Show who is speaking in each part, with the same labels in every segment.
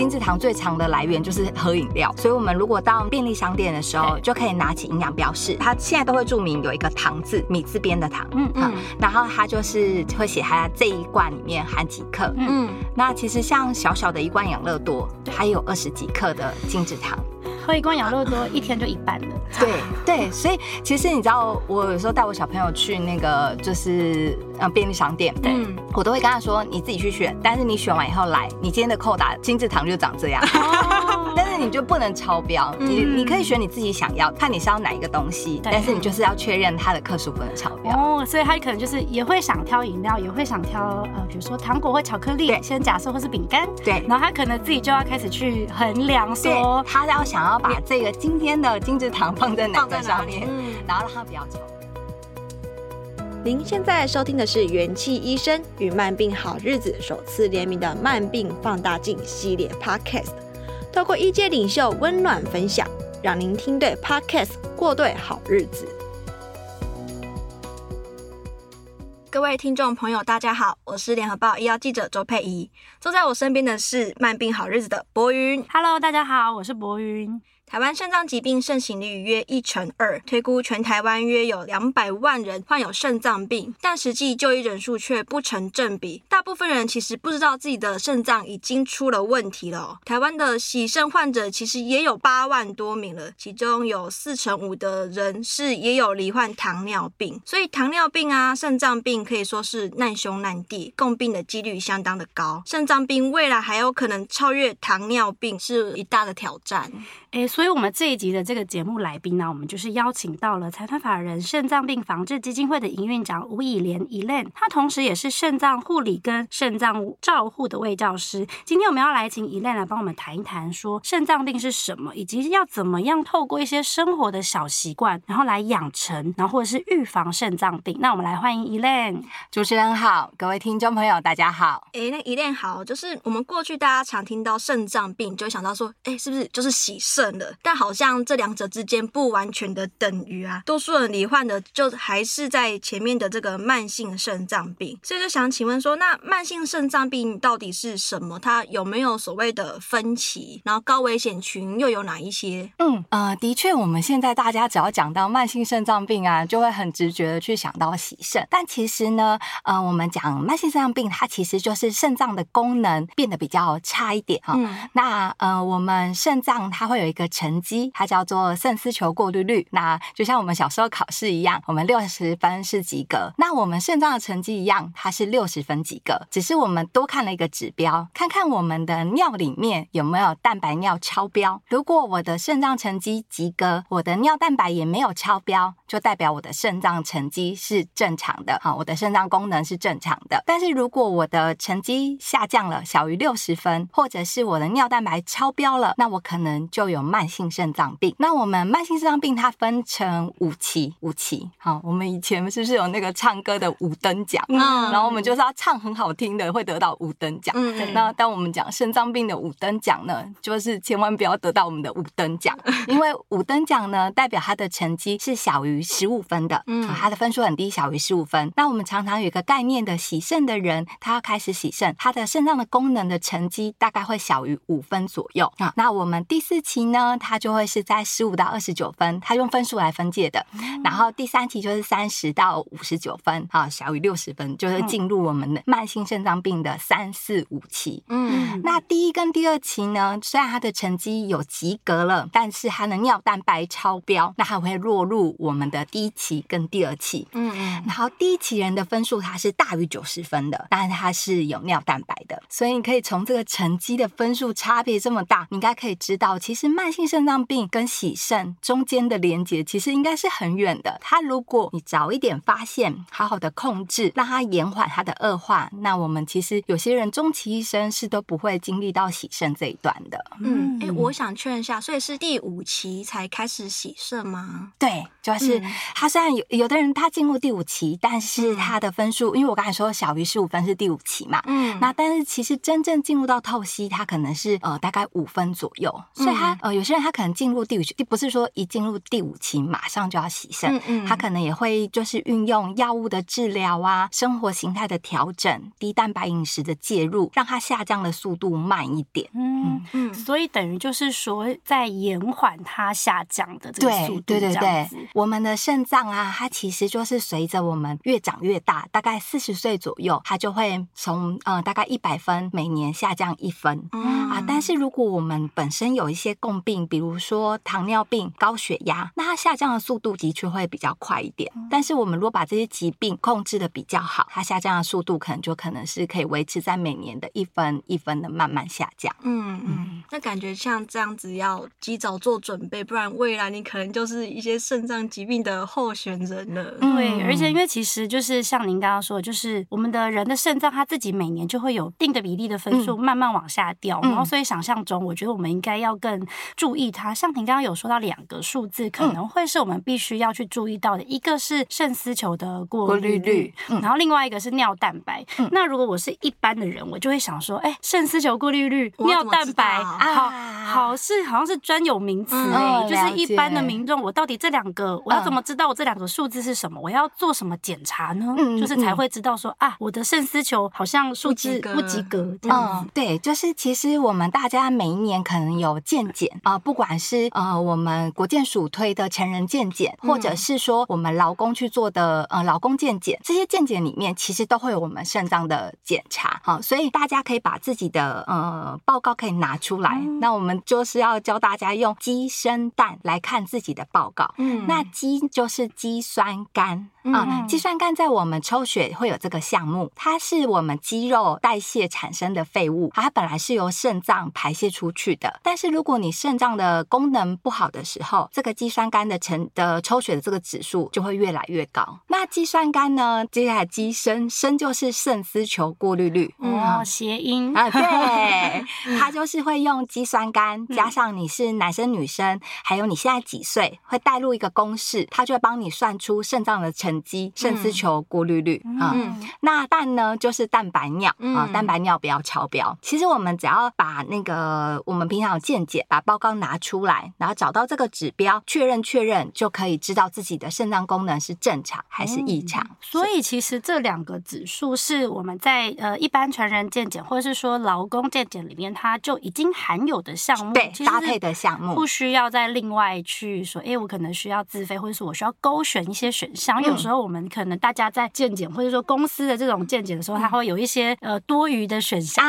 Speaker 1: 精緻糖最常的來源就是喝飲料，所以我們如果到便利商店的時候，就可以拿起營養標示，它現在都會註明有一個“糖”字，米字邊的糖，嗯，然後它就是會寫它在這一罐裡面含幾克，嗯，那其實像小小的一罐養樂多，還有二十幾克的精緻糖。
Speaker 2: 所以光養樂多，一天就一半了。
Speaker 1: 對對，所以其實你知道，我有時候帶我小朋友去那個，就是嗯便利商店，對，我都會跟他說，你自己去選，但是你選完以後來，你今天的扣打金字糖就長這樣。 你就不能超標，你你可以選你自己想要，看你是要哪一個東西，但是你就是要確認它的克數不能超
Speaker 2: 標。哦，所以他可能就是也會想挑飲料，也會想挑呃，比如說糖果或巧克力、對 先假設或是餅乾。對，然後他可能自己就要開始去衡量，說對、嗯、他要想要把這個今天的精緻糖放在個、放在哪裡，嗯、然後讓
Speaker 1: 他
Speaker 3: 不要超。您現在收聽的是元氣醫生與慢病好日子首次聯名的慢病放大鏡系列 podcast。透過醫界領袖溫暖分享，讓您聽對 Podcast，過對好日子。各位聽眾朋友，大家好，我是聯合報醫藥記者周佩怡，坐在我身邊的是慢病好日子的柏云。Hello，大家好，我是柏云。台灣腎臟疾病盛行率約一成二，推估，全台灣約有兩百萬人患有腎臟病，但實際就醫人數卻不成正比。大部分人其實不知道自己的腎臟已經出了問題了。台灣的洗腎患者其實也有八萬多名了，其中有四成五的人是也有罹患糖尿病，所以糖尿病啊、腎臟病可以說是難兄難弟，共病的幾率相當的高。腎臟病未來還有可能超越糖尿病，是一大
Speaker 2: 的挑戰。嗯誒、欸，所以我們這一集的這個節目來賓呢、啊，我們就是邀請到了財團法人腎臟病防治基金會的營運長吳苡璉 （Elaine），她同時也是腎臟護理跟腎臟照護的衛教師。今天我們要來請 Elaine 來幫我們談一談，說腎臟病是什麼，以及要怎麼樣透過一些生活的小習慣，然後來養成，然後或者是預防腎臟病。那我們來歡迎 Elaine。主持人好，各位聽眾朋友大家好。
Speaker 3: 誒、欸，那 Elaine 好，就是我們過去大家常聽到腎臟病，就會想到說，誒、欸，是不是就是洗腎？的，但好像這兩者之間不完全的等於啊。多數人罹患的就還是在前面的這個慢性腎臟病，所以就想請問說，那慢性腎臟病到底是什麼？它有沒有所謂的分期？然後高危險群又有哪一些？
Speaker 1: 嗯呃，的確，我們現在大家只要講到慢性腎臟病啊，就會很直覺的去想到洗腎。但其實呢，呃，我們講慢性腎臟病，它其實就是腎臟的功能變得比較差一點啊、嗯哦。那呃，我們腎臟它會有。一個成績，它叫做腎絲球過濾率。那就像我們小時候考試一樣，我們六十分是及格。那我們腎臟的成績一樣，它是六十分及格。只是我們多看了一個指標，看看我們的尿裡面有沒有蛋白尿超標。如果我的腎臟成績及格，我的尿蛋白也沒有超標，就代表我的腎臟成績是正常的，啊，我的腎臟功能是正常的。但是如果我的成績下降了，小於六十分，或者是我的尿蛋白超標了，那我可能就有。慢性腎臟病，那我們慢性腎臟病它分成五期，五期好、哦，我們以前是不是有那個唱歌的五燈獎？嗯，然後我們就是要唱很好聽的，會得到五燈獎。那當我們講腎臟病的五燈獎呢，就是千萬不要得到我們的五燈獎，因為五燈獎呢代表它的成績是小於十五分的，嗯，它的分數很低，小於十五分。嗯、那我們常常有一個概念的洗腎的人，他要開始洗腎，他的腎臟的功能的成績大概會小於五分左右。啊、哦，那我們第四期。呢，它就會是在十五到二十九分，它用分數來分界的。嗯、然後第三期就是三十到五十九分，哈、嗯，小於六十分就是進入我們的慢性腎臟病的三四五期。嗯，那第一跟第二期呢，雖然它的成績有及格了，但是它的尿蛋白超標，那還會落入我們的第一期跟第二期。嗯，然後第一期人的分數它是大於九十分的，但是它是有尿蛋白的，所以你可以從這個成績的分數差別這麼大，你應該可以知道其實慢。慢性腎臟病跟洗腎中間的連接其實應該是很遠的。他如果你早一點發現，好好的控制，讓他延緩他的惡化，那我們其實有些人終其一生是都不會經歷到洗腎這一段的。嗯，哎、欸，我
Speaker 3: 想確認一下，所以是第五期才開始洗腎嗎？
Speaker 1: 對，就是他雖然有有的人他進入第五期，但是他的分數，嗯、因為我剛才說小於十五分是第五期嘛，嗯，那但是其實真正進入到透析，他可能是呃大概五分左右，所以他。嗯呃有些人他可能進入第五期，不是說一進入第五期馬上就要洗腎，嗯嗯，他可能也會就是運用藥物的治療啊，生活形態的調整，低蛋白飲食的介入，讓他下降的速度慢一點。
Speaker 2: 嗯嗯，嗯所以等於就是說在延緩他下降的這個速度。對對對對，我們的腎臟
Speaker 1: 啊，它其實就是隨着我們越長越大，大概四十歲左右，它就會從呃大概一百分每年下降一分。嗯，啊，但是如果我們本身有一些共病，比如說糖尿病、高血壓，那它下降的速度的確會比較快一點。但是我們如果把這些疾病控制的比較好，它下降的速度可能就可能是可以維持在每年的一分一分的慢慢下降。嗯
Speaker 3: 嗯，嗯那感覺像這樣子要及早做準備，不然未來你可能就是一些腎臟疾病的候選人了。對、嗯，嗯、而且因
Speaker 2: 為其實就是像您剛剛說的，就是我們的人的腎臟他自己每年就會有定的比例的分數慢慢往下掉，嗯、然後所以想象中我覺得我們應該要更。注意它，像您剛剛有說到兩個數字，嗯、可能會是我們必須要去注意到的，一個是腎絲球的過濾率，濾率嗯、然後另外一個是尿蛋白。嗯、那如果我是一般的人，我就會想說，哎、欸，腎絲球過濾率、尿蛋白，啊啊、好好是好,好像是專有名詞哎、欸，嗯、就是一般的民眾，我到底這兩個，我要怎麼知道我這兩個數字是什麼？嗯、我要做什麼檢查呢？嗯嗯、就是才會知道說啊，我的腎絲球好像數字不及格。嗯，
Speaker 1: 對，就是其實我們大家每一年可能有健檢。啊、呃，不管是呃我們國健署推的成人健檢，嗯、或者是說我們勞工去做的呃勞工健檢，這些健檢裡面其實都會有我們腎臟的檢查。好、哦，所以大家可以把自己的呃報告可以拿出來，嗯、那我們就是要教大家用雞生蛋來看自己的報告。嗯、那雞就是肌酸酐啊，嗯嗯、肌酸酐在我們抽血會有這個項目，它是我們肌肉代謝產生的廢物，它本來是由腎臟排泄出去的，但是如果你是腎臟的功能不好的時候，這個肌酸酐的成的抽血的這個指數就會越來越高。那肌酸酐呢？接下來肌生生就是腎絲球過濾率。哇、嗯，諧、嗯、音啊？對，嗯、它就是會用肌酸酐加上你是男生女生，嗯、還有你現在幾歲，會帶入一個公式，它就會幫你算出腎臟的成績，腎絲、嗯、球過濾率啊。嗯嗯、那蛋呢？就是蛋白尿、嗯、啊，蛋白尿不要超標。其實我們只要把那個我們平常有見解吧。報告拿出來，然後找到這個指標，確認確認就可以知道自己的腎臟功能是正常還是異常。
Speaker 2: 嗯。所以其實這兩個指數是我們在呃一般成人健檢或者是說勞工健檢裡面它就已經含有的項目，對，搭配的項目，不需要再另外去說。哎、欸，我可能需要自費，或者是我需要勾選一些選項。嗯、有時候我們可能大家在健檢或者說公司的這種健檢的時候，它會有一些呃多餘的選項，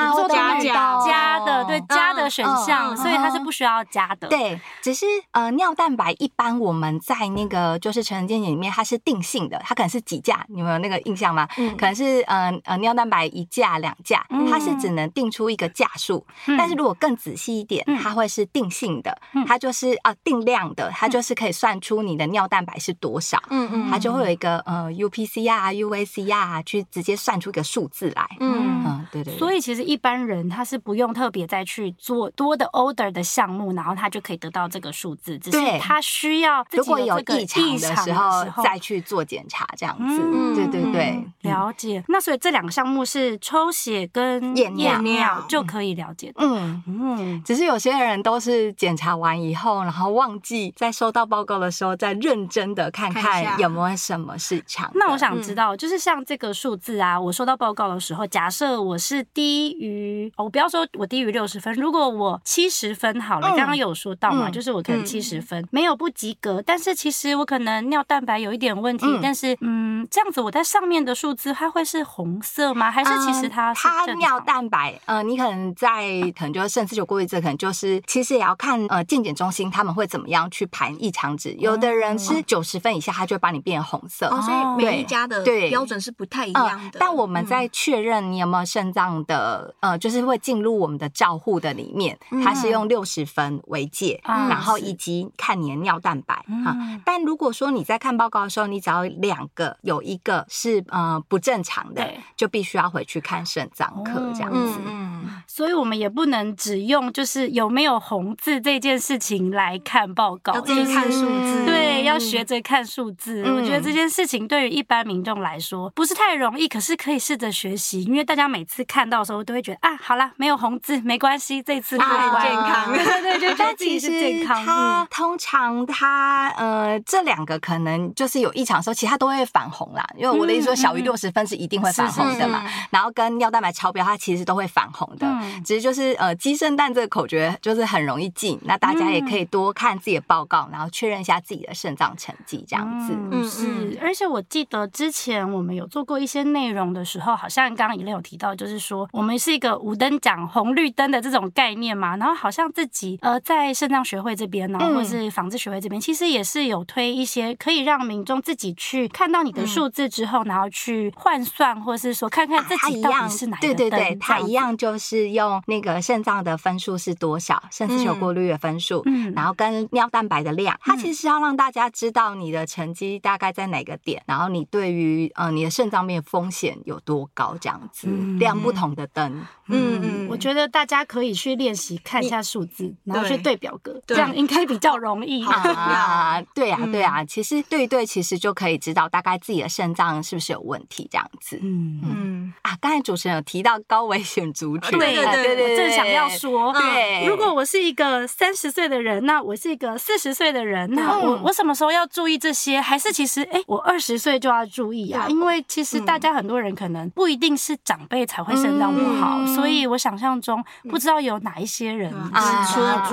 Speaker 2: 加的，對，加的選項，嗯嗯嗯、所以它是不需要要加的，對，
Speaker 1: 只是呃，尿蛋白一般我們在那個就是成人體檢裡面，它是定性的，它可能是幾價，你們有那個印象嗎？嗯、可能是呃呃尿蛋白一價兩價，它是只能定出一個價數。嗯、但是如果更仔細一點，嗯、它會是定性的，它就是啊、呃、定量的，它就是可以算出你的尿蛋白是多少。嗯嗯嗯嗯它就會有一個呃 UPCR、UACR、啊啊、去直接算出一個數字來。嗯,嗯，
Speaker 2: 對對,對。所以其實一般人他是不用特別再去做多的 order 的項目。然後他就可以得到這個數字，只是他需要如果有異常的時候再去做檢查，這樣子，對對對，了解。那所以這兩個項目是抽血跟驗尿就可以了解。嗯嗯，
Speaker 1: 只是有些人都是檢查完以後，然後忘記在收到報告的時候再認真的看看有沒有什麼異常。那我想知
Speaker 2: 道，就是像這個數字啊，我收到報告的時候，假設我是低於，哦，我不要說我低於六十分，如果我七十分好了。剛剛有說到嘛，嗯、就是我看七十分，嗯嗯、沒有不及格，但是其實我可能尿蛋白有一點問題，嗯、但是嗯，這樣子我在上面的數字它會是紅色嗎？還是其實它是，嗯、它尿蛋白
Speaker 1: 呃，你可能在可能就是腎絲球過濾率這個、可能就是其實也要看呃健檢中心他們會怎麼樣去排異常值，嗯、有的人是九十分以下，他就會把你變紅色，哦，所以每一家的標準是
Speaker 3: 不太一樣的。呃、
Speaker 1: 但我們在確認你有沒有腎臟的呃，就是會進入我們的照護的裡面，嗯、它是用六十分。嗯為界，然後以及看你的尿蛋白啊。嗯嗯、但如果說你在看報告的時候，你只要兩個有一個是呃不正常的，對就必須要回去看腎臟科，嗯、這樣
Speaker 2: 子。嗯，所以我們也不能只用就是有沒有紅字這件事情來看報告，要去看數字。就是嗯、對，要學着看數字。嗯、我覺得這件事情對於一般民眾來說不是太容易，可是可以試着學習，因為大家每次看到的時候都會覺得啊，好了，沒有紅字，沒關係，這次不很健康、啊 對，就健康，但其實他
Speaker 1: 通常他呃這兩個可能就是有異常的時候，其他都會反紅啦，因為我的意思說，小於六十分是一定會反紅的嘛。嗯嗯、然後跟尿蛋白超標，它其實都會反紅的。其實、嗯、就是呃，雞生蛋這個口訣就是很容易記。那大家也可
Speaker 2: 以多看自己的報告，嗯、然後確認一下自己的腎臟成績這樣子、嗯。是。而且我記得之前我們有做過一些內容的時候，好像剛剛也有提到，就是說我們是一個五燈獎紅綠燈的這種概念嘛。然後好像自己。呃，在腎臟學會這邊呢、哦，或是防治學會這邊，嗯、其實也是有推一些可以讓民眾自己去看到你的數字之後，嗯、然後去換算，或是說看看自己到底是哪一個燈、啊、一對對對，它一
Speaker 1: 樣就是用那個腎臟的分數是多少，腎絲球過濾的分數，嗯、然後跟尿蛋白的量，嗯、它其實要讓大家知道你的成績大概在哪個點，然後你對於呃你的腎臟病風險有多高這樣子，嗯、亮不同
Speaker 2: 的燈。嗯，嗯我覺得大家可以去練習看一下數字。然後去對表格，這樣應該比較容易啊。對啊，對啊，其實對對，其實就可以知
Speaker 1: 道大概自己的腎臟是不是有問題這樣子。
Speaker 3: 嗯
Speaker 1: 啊。剛才主持人有提到高危險族群，對對對，我正想要說，對。如
Speaker 2: 果我是一個三十歲的人，那我是一個四十歲的人，那我我什麼時候要注意這些？還是其實，哎，我二十歲就要注意啊？因為其實大家很多人可能不一定是長輩才會腎臟不好，所以我想象中不知道有哪一些人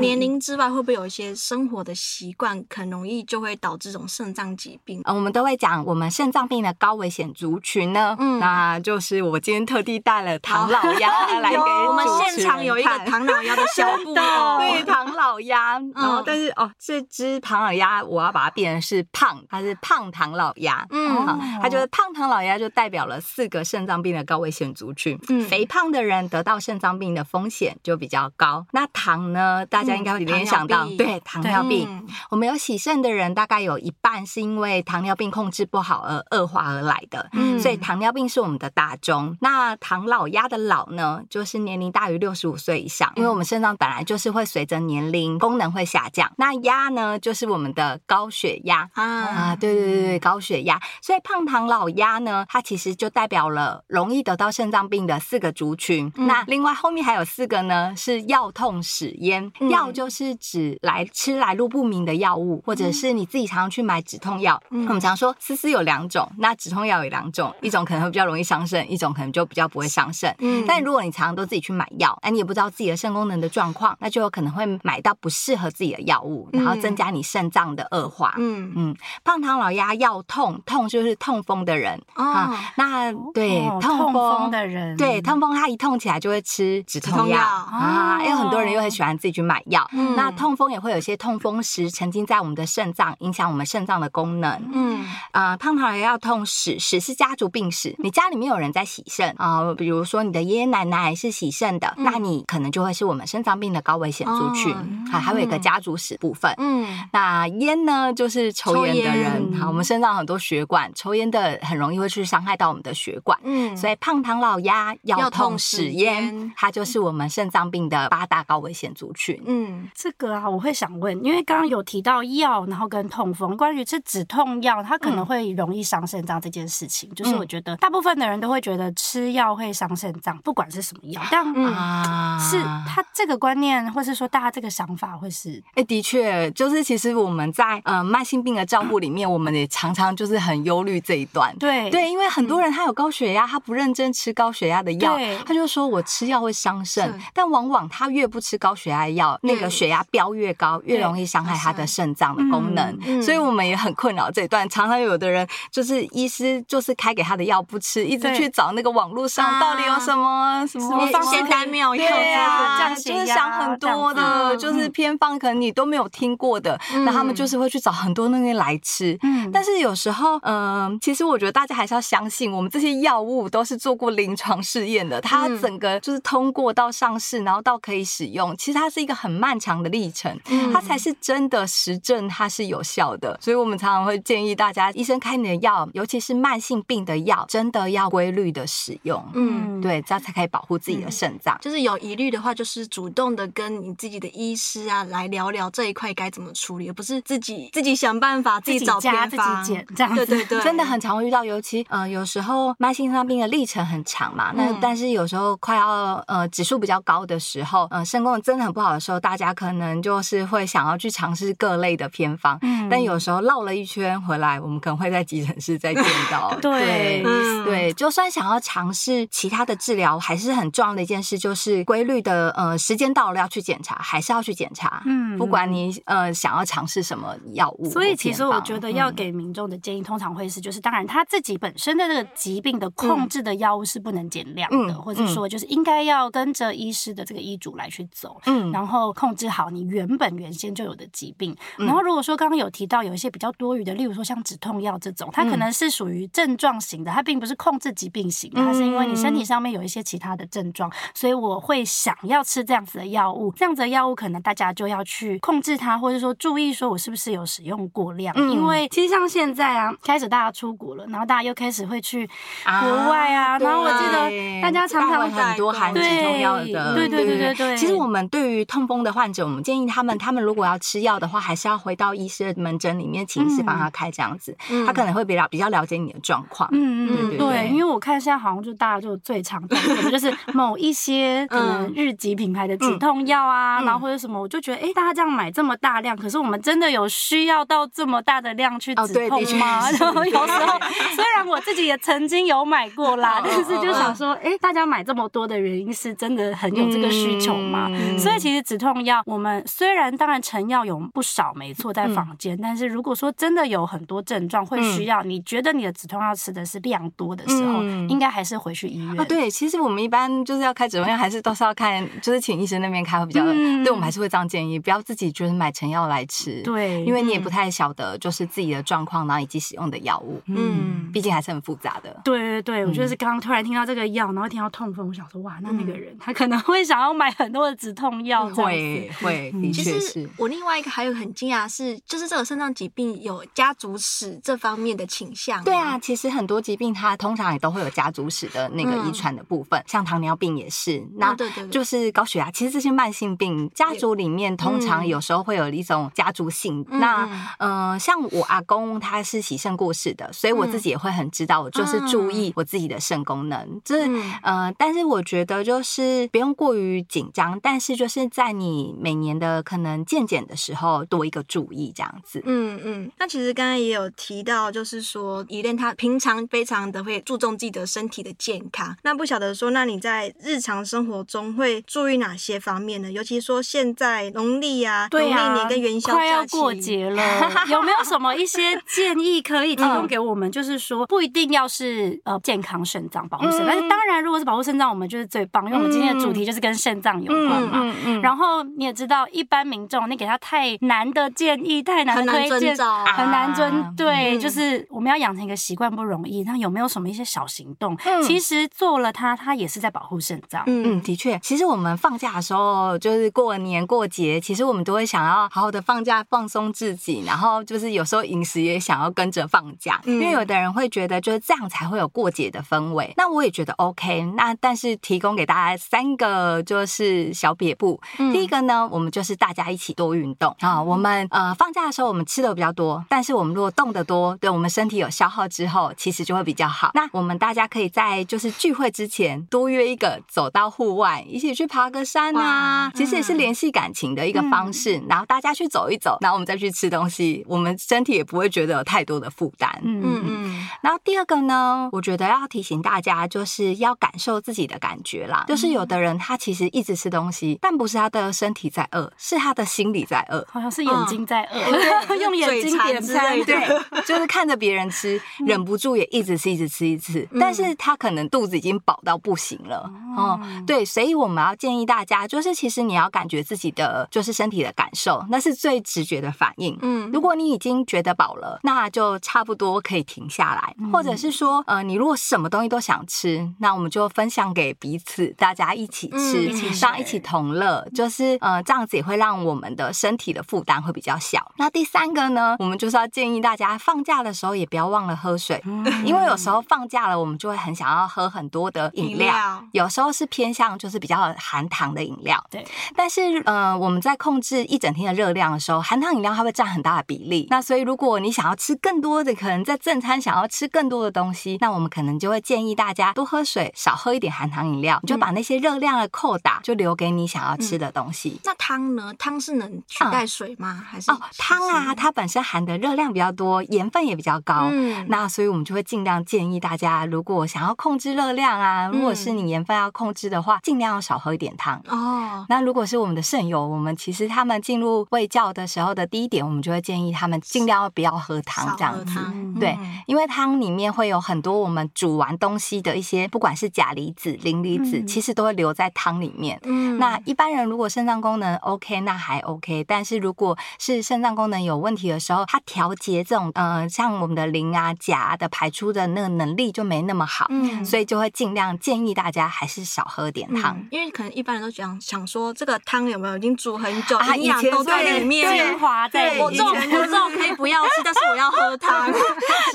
Speaker 2: 年齡
Speaker 3: 之外，會不會有一些生活的習慣，很容易
Speaker 2: 就會導致這種腎臟疾病？
Speaker 3: 呃，我們都會講
Speaker 1: 我們腎臟病的高危險族群呢。嗯，那就是我今天特地帶了唐老鴨來給 我們現場有一個唐老鴨的小布偶，對，唐、 哦、老鴨。哦、 嗯，但是哦，這隻唐老鴨我要把它變成是胖，它是胖唐老鴨。嗯，嗯，好，它就是胖唐老鴨就代表了四個腎臟病的高危險族群。嗯，肥胖的人得到腎臟病的風險就比較高。那糖呢？大家應該會聯想到，嗯、想到對糖尿病，尿病嗯、我們有洗腎的人，大概有一半是因為糖尿病控制不好而惡化而來的，嗯、所以糖尿病是我們的大宗。那“唐老鴨”的“老”呢，就是年齡大於六十五歲以上，因為我們腎臟本來就是會隨着年齡功能會下降。那“鴨”呢，就是我們的高血壓啊，啊，對對對對，高血壓。所以“胖唐老鴨”呢，它其實就代表了容易得到腎臟病的四個族群。嗯、那另外後面還有四個呢，是藥痛使、史煙。藥、嗯、就是指來吃來路不明的藥物，或者是你自己常常去買止痛藥。嗯、我們常說，絲絲有兩種，那止痛藥有兩種，一種可能會比較容易傷腎，一種可能就比較不會傷腎。嗯。但如果你常常都自己去買藥，那你也不知道自己的腎功能的狀況，那就有可能會買到不適合自己的藥物，然後增加你腎臟的惡化。嗯嗯。胖唐老壓藥痛，痛就是痛風的人啊、哦嗯。那對痛風，痛風的人，對痛風，他一痛起來就會吃止痛藥啊、哦、因為很多人又很喜歡自己去。買藥，那痛風也會有些痛風石沉積在我們的腎臟，影響我們腎臟的功能。嗯，啊、呃，胖唐老壓藥痛史，史是家族病史。你家裡面有人在洗腎啊、呃，比如說你的爺爺奶奶是洗腎的，嗯、那你可能就會是我們腎臟病的高危險族群。好、哦，還有一個家族史部分。嗯，那菸呢，就是抽菸的人。菸好，我們腎臟很多血管，抽菸的很容易會去傷害到我們的血管。嗯，所以胖唐老壓藥，痛史菸，
Speaker 2: 它就是我們腎臟病的八大高危險族群。嗯，這個啊，我會想問，因為剛剛有提到藥，然後跟痛風，關於吃止痛藥，它可能會容易傷腎臟這件事情，嗯、就是我覺得大部分的人都會覺得吃藥會傷腎臟，不管是什麼藥，但、嗯嗯、是他這個觀念，或是說大家這個想法，會是，
Speaker 1: 哎，的確，就是其實我們在呃慢性病的照顧裡面，嗯、我們也常常就是很憂慮這一段，對，對，因為很多人他有高血壓，他不認真吃高血壓的藥，對他就說我吃藥會傷腎，是但往往他越不吃高血壓藥。那個血壓飆越高，越容易傷害他的腎臟的功能，所以我們也很困擾這一段。常常有的人就是醫師就是開給他的藥不吃，一直去找那個網絡上到底有什麼什麼仙丹妙藥，對呀，就是想很多的，就是偏方，可能你都沒有聽過的，那他們就是會去找很多東西來吃。但是有時候，嗯，其實我覺得大家還是要相信，我們這些藥物都是做過臨床試驗的，它整個就是通過到上市，然後到可以使用，其實它是一個。很漫長的歷程，嗯、它才是真的實證，它是有效的，所以我們常常會建議大家，醫生開你的藥，尤其是慢性病的藥，真的要規律的使用。嗯，對，這樣才可以保護自己的腎
Speaker 3: 臟，嗯。就是有疑慮的話，就是主動的跟你自己的醫師啊來聊聊這一塊該怎麼處理，而不是自己自己想辦法，自己找偏方，自己家，自己減。這樣 對對對，真的
Speaker 1: 很常會遇到，尤其呃有時候慢性腎臟病的歷程很長嘛，那、嗯、但是有時候快要呃指數比較高的時候，呃腎功能真的很不好的時候。說大家可能就是會想要去嘗試各類的偏方，嗯、但有時候繞了一圈回來，我們可能會在急診室再見到。 對、嗯、對，就算想要嘗試其他的治療，還是很重要的一件事，就是規律的呃時間到了要去檢查，還是要去檢查。嗯，不管你呃想要嘗試什麼藥物，所以其實我覺得要
Speaker 2: 給民眾的建議，嗯、通常會是就是當然他自己本身的這個疾病的控制的藥物是不能減量的，嗯嗯嗯、或者說就是應該要跟着醫師的這個醫囑來去走。嗯，然後。然後控制好你原本、原先就有的疾病。然後如果說剛剛有提到有一些比較多餘的，例如說像止痛藥這種，它可能是屬於症狀型的，它並不是控制疾病型的，它是因為你身體上面有一些其他的症狀，嗯、所以我會想要吃這樣子的藥物。這樣子的藥物可能大家就要去控制它，或者說注意說我是不是有使用過量。嗯、因為其實像現在啊，開始大家出國了，然後大家又開始會去國外啊，啊然後我記得大家常常很多含止痛藥的，對對對對對。其實我
Speaker 1: 們對於痛痛風的患者，我們建議他們，他們如果要吃藥的話，還是要回到醫師的門診裡面，請醫師幫他開這樣子，嗯、他可能會比較比較了解你的狀況。嗯嗯，對，對，對，對，
Speaker 2: 因為我看現在好像就大家就最常見的 就是某一些嗯日籍品牌的止痛藥啊，嗯、然後或者什麼，我就覺得，哎、欸，大家這樣買這麼大量，可是我們真的有需要到這麼大的量去止痛嗎？哦、然後有時候 雖然我自己也曾經有買過啦， 但是就想說，哎、欸，大家買這麼多的原因是真的很有這個需求嗎？嗯、所以其實。止痛藥，我們雖然當然成藥有不少沒錯，在房間，嗯、但是如果說真的有很多症狀會需要，你覺得你的止痛藥吃的是量多的時候，嗯、應該還是回去醫院啊、哦。
Speaker 1: 對，其實我們一般就是要開止痛藥，還是都是要看，就是請醫生那邊開會比較。嗯、對，我們還是會這樣建議，不要自己就是買成藥來吃，對，因為你也不太曉得就是自己的狀況，然後以及使用的藥物，嗯，畢竟還是很複雜的。對，
Speaker 2: 對對，對，我就是剛剛突然聽到這個藥，然後聽到痛風，我想說哇，那那個人他可能會想要
Speaker 3: 買很多的止痛藥。會會，確、嗯、
Speaker 2: 實我另外
Speaker 3: 一個還有很驚訝的是，嗯、就是這個腎臟疾病有家族史這方面的傾向、欸。對
Speaker 1: 啊，其實很多疾病它通常也都會有家族史的那個遺傳的部分，嗯、像糖尿病也是。哦、那對對，就是高血壓、啊。對對對，其實這些慢性病，家族裡面通常有時候會有一種家族性。嗯那嗯、呃，像我阿公他是洗腎過世的，所以我自己也會很知道，嗯、我就是注意我自己的腎功能。嗯、就是嗯、呃，但是我覺得就是不用過於緊張，但是就是在。在你每年的可能健檢的時候，多一個注意這樣子，
Speaker 3: 嗯嗯。那其實剛剛也有提到，就是說 Elaine 他平常非常的會注重自己的身體的健康。那不曉得說，那你在日常生活中會注意哪些方面呢？尤其說現在農曆啊，對啊，農曆年跟元宵快要過節
Speaker 2: 了， 有沒有什麼一些建議可以提供給我們？ 嗯、就是說不一定要是呃健康腎臟保護腎，嗯、但是當然如果是保護腎臟，我們就是最棒，嗯、因為我們今天的主題就是跟腎臟有關嘛，嗯嗯，嗯嗯然後。然後你也知道，一般民眾，你給他太難的建議、太難的推薦，很難、很難遵照，對，嗯、哼就是我們要養成一個習慣不容易。那有沒有什麼一些小行動？嗯、其實做了它，它也是在保護腎臟。嗯、嗯，
Speaker 1: 的確，其實我們放假的時候，就是過年過節，其實我們都會想要好好的放假放鬆自己，然後就是有時候飲食也想要跟着放假，嗯、因為有的人會覺得就是這樣才會有過節的氛圍。那我也覺得 OK。那但是提供給大家三個就是小撇步。嗯第一個呢，我們就是大家一起多運動啊、哦。我們呃放假的時候，我們吃的比較多，但是我們如果動得多，對我們身體有消耗之後，其實就會比較好。那我們大家可以在就是聚會之前多約一個走到戶外，一起去爬個山啊，哇其實也是聯繫感情的一個方式。嗯、然後大家去走一走，然後我們再去吃東西，我們身體也不會覺得有太多的負擔。嗯嗯。然後第二個呢，我覺得要提醒大家就是要感受自己的感覺啦。嗯、就是有的人他其實一直吃東西，但不是他的的身體在餓，是他的心理在餓，好像是眼睛在餓，嗯欸、 用眼睛點餐， 點在。對，就是看着別人吃，忍不住也一直吃，一直吃，一吃，一直、嗯。但是他可能肚子已經飽到不行了，哦、嗯，對，所以我們要建議大家，就是其實你要感覺自己的就是身體的感受，那是最直覺的反應。嗯，如果你已經覺得飽了，那就差不多可以停下來，嗯、或者是說，呃，你如果什麼東西都想吃，那我們就分享給彼此，大家一起吃，上、嗯，一起同樂。嗯就是呃這樣子也會讓我們的身體的負擔會比較小。那第三個呢，我們就是要建議大家放假的時候也不要忘了喝水，嗯、因為有時候放假了我們就會很想要喝很多的飲料，飲料。有時候是偏向就是比較含糖的飲料。對。但是呃我們在控制一整天的熱量的時候，含糖飲料它會佔很大的比例。那所以如果你想要吃更多的，可能在正餐想要吃更多的東西，那我們可能就會建議大家多喝水，少喝一點含糖飲料，你就把那些熱量的扣打就留給你想要吃的、嗯。東西
Speaker 3: 那湯呢？湯是能取代水嗎？嗯、
Speaker 1: 還是哦湯啊，它本身含的熱量比較多，鹽分也比較高。嗯、那所以我們就會儘量建議大家，如果想要控制熱量啊，嗯、如果是你鹽分要控制的話，儘量要少喝一點湯哦。那如果是我們的腎友，我們其實他們進入衛教的時候的第一點，我們就會建議他們儘量要不要喝湯這樣子。喝湯嗯、對，因為湯裡面會有很多我們煮完東西的一些，不管是鉀離子、磷離子，嗯、其實都會留在湯裡面。嗯、那一般人如果如果腎臟功能 OK，那還 OK。但是如果是腎臟功能有問題的時候，它調節這種呃，像我們的磷啊、鉀的排出的那個能力就沒那麼好，嗯，所以就會儘量建議大家還是少喝點湯，
Speaker 3: 因為可能一般人都想想說，這個湯有沒有已經煮很久，營養都在裡面了？我這種我這種可以不要吃，但是我要喝湯。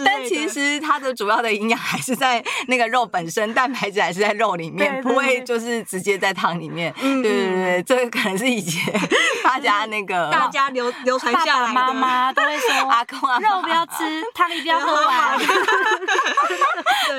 Speaker 1: 但其實它的主要的營養還是在那個肉本身，蛋白質還是在肉裡面，不會就是直接在湯裡面。對對對。對，可能是以前大家那個大家留、流傳下來的媽媽都會說：阿公啊，肉不要吃，湯一定要喝完。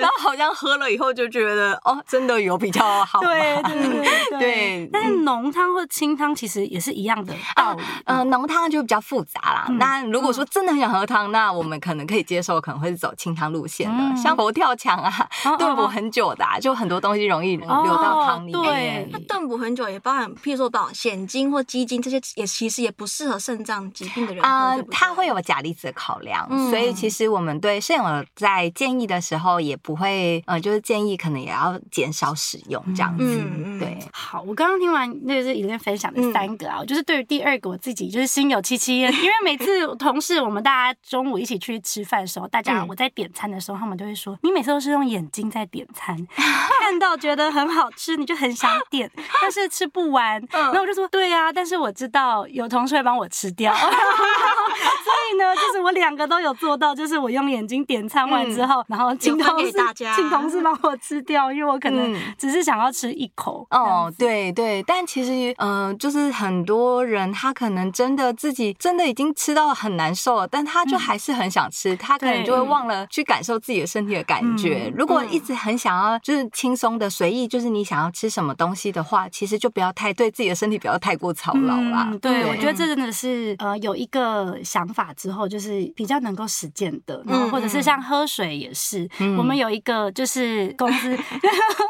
Speaker 1: 然後好像喝了以後就覺得，哦，真的有比較好。對對對。但是
Speaker 2: 濃湯或清湯其實也是一樣的道理。呃，濃湯就
Speaker 1: 比較複雜啦。那如果說真的很想喝湯，那我們可能可以接受，可能會是走清湯路線的，像佛跳牆啊，燉補很久的，就很多東西容易流到湯裡面。
Speaker 2: 對，
Speaker 3: 它燉補很久也包含，譬如說。到，蜆精或，或雞精這些也其實也不適合腎臟疾病的人啊，呃、對對它會有鉀離子的考量。嗯、所以其
Speaker 1: 實我們對腎友在建議的時候也不會呃，就是建議可能也要減少使用，嗯、這樣子，嗯、
Speaker 2: 對。好，我剛剛聽完那是 Elaine 分享的三個啊，嗯、就是對於第二個我自己就是心有戚戚，因為每次同事我們大家中午一起去吃飯的時候，大家我在點餐的時候，嗯、他們就會說，你每次都是用眼睛在點餐， 看到覺得很好吃你就很想點，但是吃不完。然後、嗯、我就說，對呀、啊，但是我知道有同事會幫我吃掉， 所以呢，就是我兩個都有做到，就是我用眼睛點餐完之後，嗯、然後請同事給大家請同事幫我吃掉，因為我可能只是想要吃一口。嗯、哦，
Speaker 1: 對對，但其實，嗯、呃，就是很多人他可能真的自己真的已經吃到很難受了，但他就還是很想吃，嗯、他可能就會忘了去感受自己的身體的感覺。嗯、如果一直很想要就是輕鬆的隨意，就是你想要吃什麼東西的話，其實就不要太對自己。自己的身體不要太過操勞啦。對，我覺得這
Speaker 2: 真的是呃，有一個想法之後，就是比較能夠實踐的。然後或者是像喝水也是，我們有一個就是公司，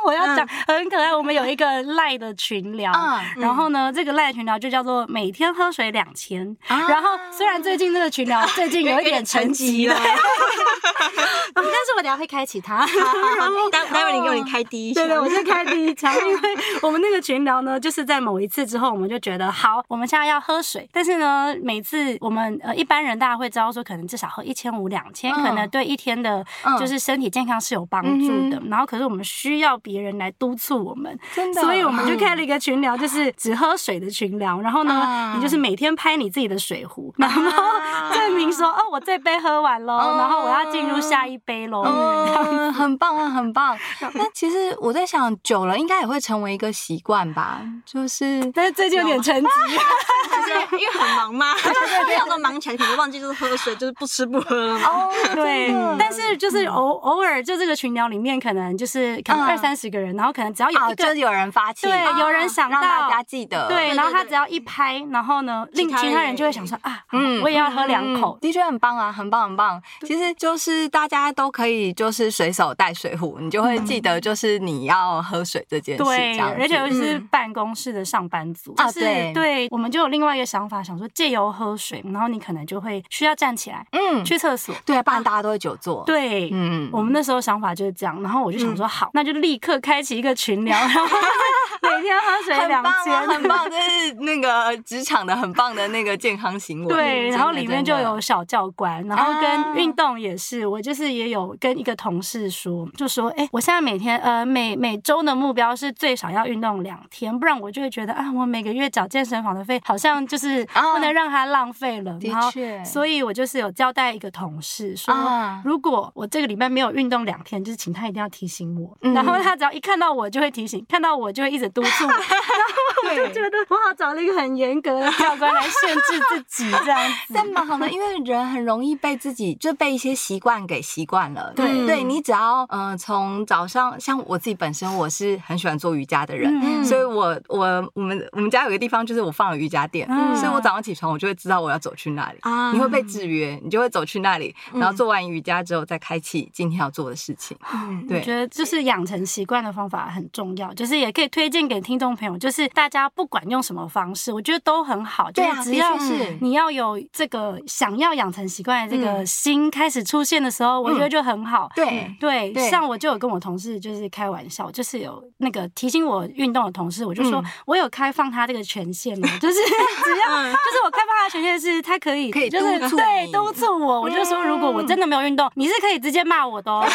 Speaker 2: 我要講很可愛。我們有一個賴的群聊，然後呢，這個賴群聊就叫做每天喝水兩千。然後雖然最近這個群聊最近有一點沉寂了，但是我等下會開啟它。待待會你給你開第一槍，對，我先開第一槍，因為我們那個群聊呢，就是在某一。一次之後，我們就覺得好，我們現在要喝水。但是呢，每次我們呃，一般人大家會知道說，可能至少喝一千五、兩千，嗯、可能對一天的，就是身體健康是有幫助的。嗯、哼然後，可是我們需要別人來督促我們，真的。所以我們就開了一個群聊，就是只喝水的群聊。嗯、然後呢，uh, 你就是每天拍你自己的水壺，然後證明說、uh, 哦，我這杯喝完咯，uh, 然後我要進入下一杯嘍。Uh, 嗯，
Speaker 1: 很棒啊，很棒。那其實我在想，久了應該也會成為一個習慣吧，就是。但是最近有點成績，
Speaker 3: 因為很忙嘛，有時候忙起來可能忘記就是喝水，就是不吃不喝了嘛。哦，對。但是就是偶
Speaker 2: 偶爾就這個群聊裡面，可能就是可能二三十個人，然後可能只要有就有人發起，對，有人想到大家記得，對，然後他只要一拍，然後呢，令其他人就會想說啊，嗯，我也要喝兩口。
Speaker 1: 的確很棒啊，很棒很棒。其實就是大家都可以就是隨手帶水壺，你就會記得就是你要喝水這件事。對，而且是
Speaker 2: 辦公室的。上班族就是對，我們就有另外一個想法，想說借由喝水，然後你可能就會需要站起來，嗯，去廁所，對，不然大家都會久坐。對，嗯，我們那時候想法就是這樣，然後我就想說好，那就立刻開啟一個群聊，然後每天喝水兩千，很棒，就是那個職場的很棒的那個健康行為。對，然後裡面就有小教官，然後跟運動也是，我就是也有跟一個同事說，就說，哎，我現在每天呃每每週的目標是最少要運動兩天，不然我就會覺得。覺得啊，我每個月繳健身房的費，好像就是不能讓它浪費了。哦、的確，所以我就是有交代一個同事說，哦、如果我這個禮拜沒有運動兩天，就是請他一定要提醒我。嗯、然後他只要一看到我，就會提醒，看到我就會一直督促。然後我就覺得，我好找了一個很嚴格的教官來限制自己，這
Speaker 1: 樣子。這麼好呢，因為人很容易被自己就被一些習慣給習慣了。對，對，你只要嗯，從、呃、早上，像我自己本身，我是很喜歡做瑜伽的人，嗯、所以我我。我們我們家有個地方，就是我放了瑜伽墊，嗯、所以我早上起床，我就會知道我要走去那裡。嗯、你會被制約，你就會走去那裡，然後做完瑜伽之後，再開啟今天要做的事情。嗯，
Speaker 2: 對，我覺得就是養成習慣的方法很重要，就是也可以推薦給聽眾朋友，就是大家不管用什麼方式，我覺得都很好。對、啊，就只要是你要有這個想要養成習慣的這個心開始出現的時候，嗯、我覺得就很好。對、嗯，對，對像我就有跟我同事就是開玩笑，就是有那個提醒我運動的同事，我就說我有。開放他這個權限呢，就是只要 就是我開放他的權限是，他可以就是，可以督促你，對，督促我。我就說，如果我真的沒有運動， 你是可以直接罵我的哦。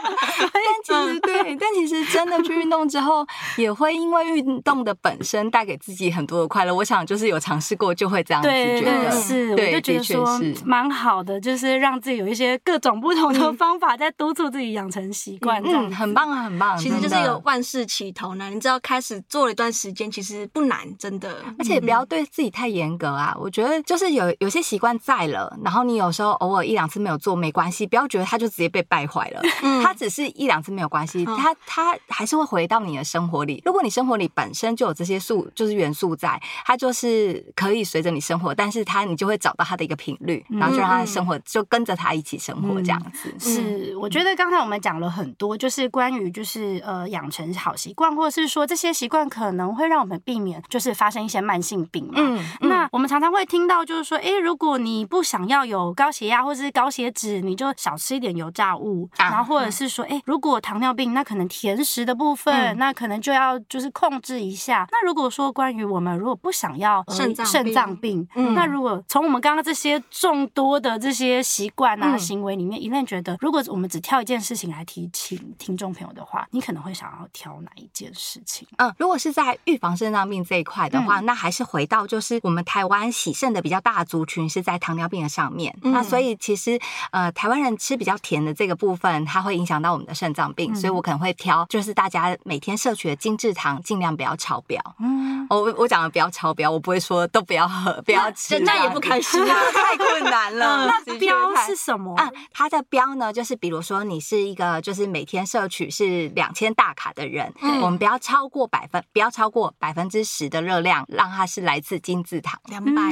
Speaker 2: 但其實對， 但其實真的去運動之後，也會因為運動
Speaker 1: 的本身帶給自己很多的快樂。我想就是有嘗試過，就會這樣子覺得是，對我就覺得說
Speaker 2: 蠻好的，嗯、就是讓自己有一些各種不同的方法在督促自己養成習慣。嗯，很棒啊，很棒。其實就是一個萬事起頭難，的你只要開
Speaker 3: 始做了一段時間，其實不難，真的。而且不要
Speaker 1: 對自己太嚴格啊，我覺得就是有有些習慣在了，然後你有時候偶爾一兩次沒有做沒關係，不要覺得他就直接被敗壞了。嗯。 它只是一兩次沒有關係，它它還是會回到你的生活裡。如果你生活裡本身就有這些素，就是元素在，它就是可以隨着你生活，但是它你
Speaker 2: 就會找到它的一個頻率，然後就讓它的生活，嗯、就跟着它一起生活這樣子。嗯、是，嗯、我覺得剛才我們講了很多，就是關於就是呃養成好習慣，或者是說這些習慣可能會讓我們避免就是發生一些慢性病嘛。嗯，那我們常常會聽到就是說，哎、欸，如果你不想要有高血壓或者是高血脂，你就少吃一點油炸物，嗯、然後或者是。是說，哎、欸，如果糖尿病，那可能甜食的部分，嗯、那可能就要就是控制一下。那如果說關於我們如果不想要腎臟病，那如果從我們剛剛這些眾多的這些習慣啊行為裡面，嗯、Elaine 覺得，如果我們只挑一件事情來提醒聽眾朋友的話，你可能會想要挑哪一件事情？嗯，如
Speaker 1: 果是在預防腎臟病這一塊的話，嗯、那還是回到就是我們台灣洗腎的比較大族群是在糖尿病的上面，嗯、那所以其實呃，台灣人吃比較甜的這個部分，它會影。想到我們的腎臟病，所以我可能會挑，就是大家每天攝取的精製糖盡量不要超標。嗯，我我講的不要超標，我不會說都不要喝，不要吃。人家也不開心啊，太困難了。那標是什麼？啊，它的標呢，就是比如說你是一個就是每天攝取是兩千大卡的人，我們不要超過百分，不要超過百分之十的熱量，讓它是來自精製糖，兩
Speaker 3: 百，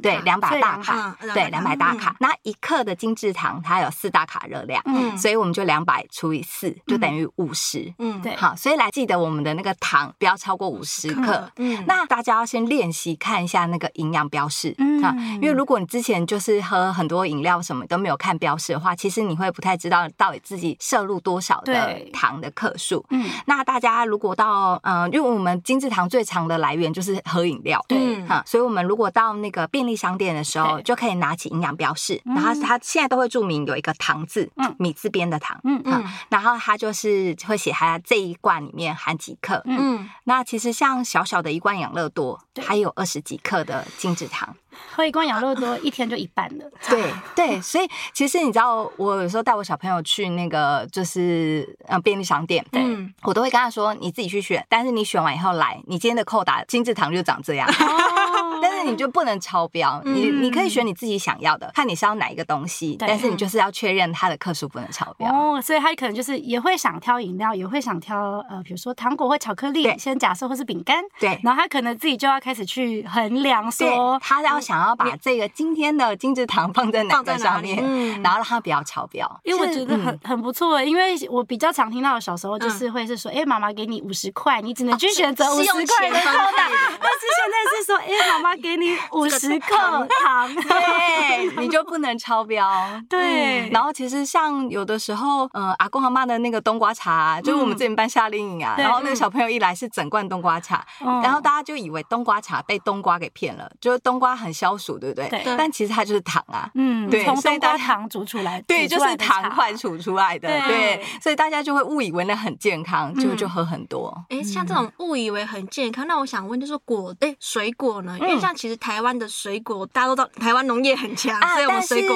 Speaker 3: 對，兩百大
Speaker 2: 卡，對，兩百大卡。
Speaker 1: 那一克的精製糖它有四大卡熱量，嗯，所以我們就兩百。除以四就等於五十。嗯，對，好，所以來記得我們的那個糖不要超過五十克嗯。嗯，那大家要先練習看一下那個營養標示、嗯、啊，因為如果你之前就是喝很多飲料什麼都沒有看標示的話，其實你會不太知道到底自己攝入多少的糖的克數。嗯對，那大家如果到嗯、呃，因為我們精緻糖最常的來源就是喝飲料。對，哈、嗯啊，所以我們如果到那個便利商店的時候，對就可以拿起營養標示，嗯、然後它現在都會注明有一個糖字，嗯、米字邊的糖。嗯嗯。嗯，然後他就是會寫他這一罐裡面含幾克，嗯，那其實像小小的一罐養樂多，對還有二十幾克的精制糖。
Speaker 2: 喝一罐養樂多，一天就一半了。 對
Speaker 1: 對，所以其實你知道，我有時候帶我小朋友去那個就是、嗯、便利商店，對，嗯、我都會跟他說，你自己去選。但是你選完以後來，你今天的扣打精緻糖就長這樣。哦、但是你就不能超標，嗯、你你可以選你自己想要的，看你是要哪一個東西。對但是你就是要確認它的克數不能超
Speaker 2: 標、嗯。哦，所以他可能就是也會想挑飲料，也會想挑呃比如說糖果或巧克力，對先假設或是餅乾，對。然後他可能自己就要開始去衡量說，他要。想要把這個今天的精緻糖放在哪個上面，
Speaker 1: 然後讓它不要超標，因為我覺得很
Speaker 2: 很不錯。因為我比較常聽到小時候就是會是說，哎，媽媽給你五十塊，你只能去選擇五十塊的。但是現在是說，哎，媽媽給你五十克糖，對，你
Speaker 1: 就不能超標。對。然後其實像有的時候，阿公阿媽的那個冬瓜茶，就是我們這邊辦夏令營啊，然後那個小朋友一來是整罐冬瓜茶，然後大家就以為冬瓜茶被冬瓜給騙了，就是冬瓜很。消暑對不對？但其實它就是糖啊，嗯，對，生以當
Speaker 2: 糖煮出來，對，就是糖
Speaker 1: 塊煮出來的，對，所以大家就會誤以為那很健康，就就喝很多。
Speaker 2: 哎，像這種誤以為
Speaker 3: 很健康，那我想問，就是果哎水果呢？因為像其實台灣的水果，大家都知道台灣農業很強啊，我們水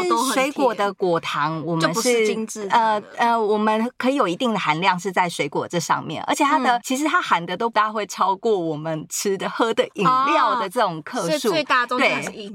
Speaker 3: 果的
Speaker 1: 果糖我們是精致，呃呃，我們可以有一定的含量是在水果這上面，而且它的其實它含的都不大會超過我們吃的喝的飲料的這種克數，最大對。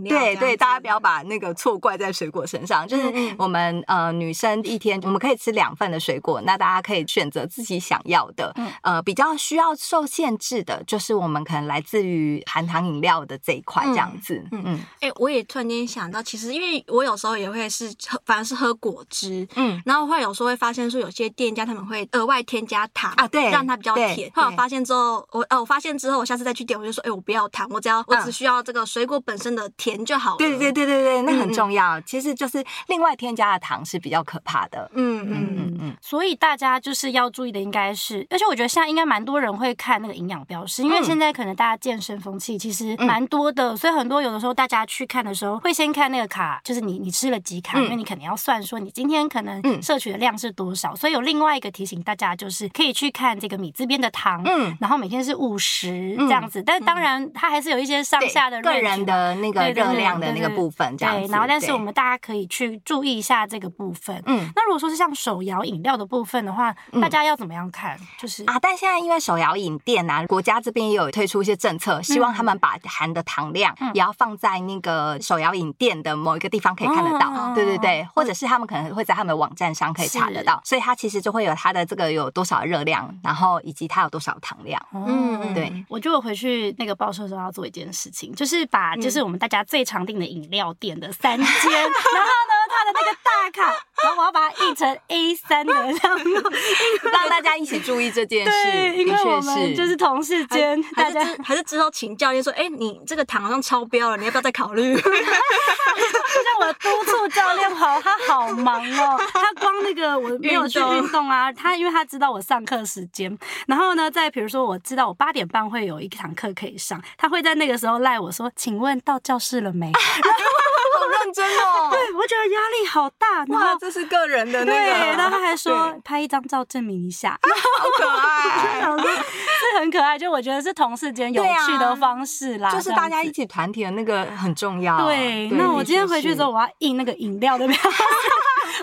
Speaker 1: 料對對，大家不要把那個錯怪在水果身上，嗯、就是我們呃女生一天、嗯、我們可以吃兩份的水果，那大家可以選擇自己想要的，嗯、呃比較需要受限制的，就是我們可能來自於含糖飲料的這一塊這樣子。
Speaker 3: 嗯嗯，哎、嗯嗯欸，我也突然間想到，其實因為我有時候也會是反正是喝果汁，嗯，然後會有時候會發現說有些店家他們會額外添加糖啊，對，讓它比較甜。後來發現之後，我呃、啊、我發現之後，我下次再去點，我就說，哎、欸，我不要糖，我只要我只需要這個水果本身的甜就好了，對對對對對，
Speaker 1: 那很重要。嗯、其實就是另外添加的糖是比較可怕的。嗯嗯
Speaker 2: 嗯嗯。嗯，所以大家就是要注意的應該是，而且我覺得現在應該蠻多人會看那個營養標識，因為現在可能大家健身風氣其實蠻多的，嗯、所以很多有的時候大家去看的時候會先看那個卡，就是你你吃了幾卡，嗯、因為你肯定要算說你今天可能攝取的量是多少。所以有另外一個提醒大家，就是可以去看這個米字邊的糖，嗯、然後每天是五十這樣子。嗯、但是當然它還是有一些上下的對個人的。那個熱量的那個部分，這樣子。對，然後，但是我們大家可以去注意一下這個部分。嗯，那如果說是像手搖飲料的部分的話，大家要怎麼樣看？就是
Speaker 1: 啊，但現在因為手搖飲店啊，國家這邊也有推出一些政策，希望他們把含的糖量也要放在那個手搖飲店的某一個地方可以看得到。對對對，或者是他們可能會在他們的網站上可以查得到，所以它其實就會有它的這個有多少熱量，然後以及它有多少糖量。嗯，對。
Speaker 2: 我就回去那個報社說要做一件事情，就是把就是我們。大家最常訂的飲料店的三間， 然後呢，他的那個大卡，然後我要把它印成 A 三的，讓 讓大家一起注意這件事。因為我們就是同事間，
Speaker 3: 是大家還是知道請教練說：“哎、欸，你這個糖好像超標了，你要不要再考慮？” 就
Speaker 2: 像我督促教練，好，他好忙哦、喔，他光那個我沒有去運動啊，他因為他知道我上課時間，然後呢，在比如說我知道我八點半會有一堂課可以上，他會在那個時候賴我說：“請問到教室了沒？” 真的、哦， 對，我覺得壓力好大。那這是個人的那個，對，然後他還說對拍一張照證明一下，啊、好可愛 我想說很可愛，就我覺得是同事間有趣的方式啦，就是大家
Speaker 1: 一起團體的那個，很重要。對，那我今天回去之後
Speaker 2: 我要印那個飲料的。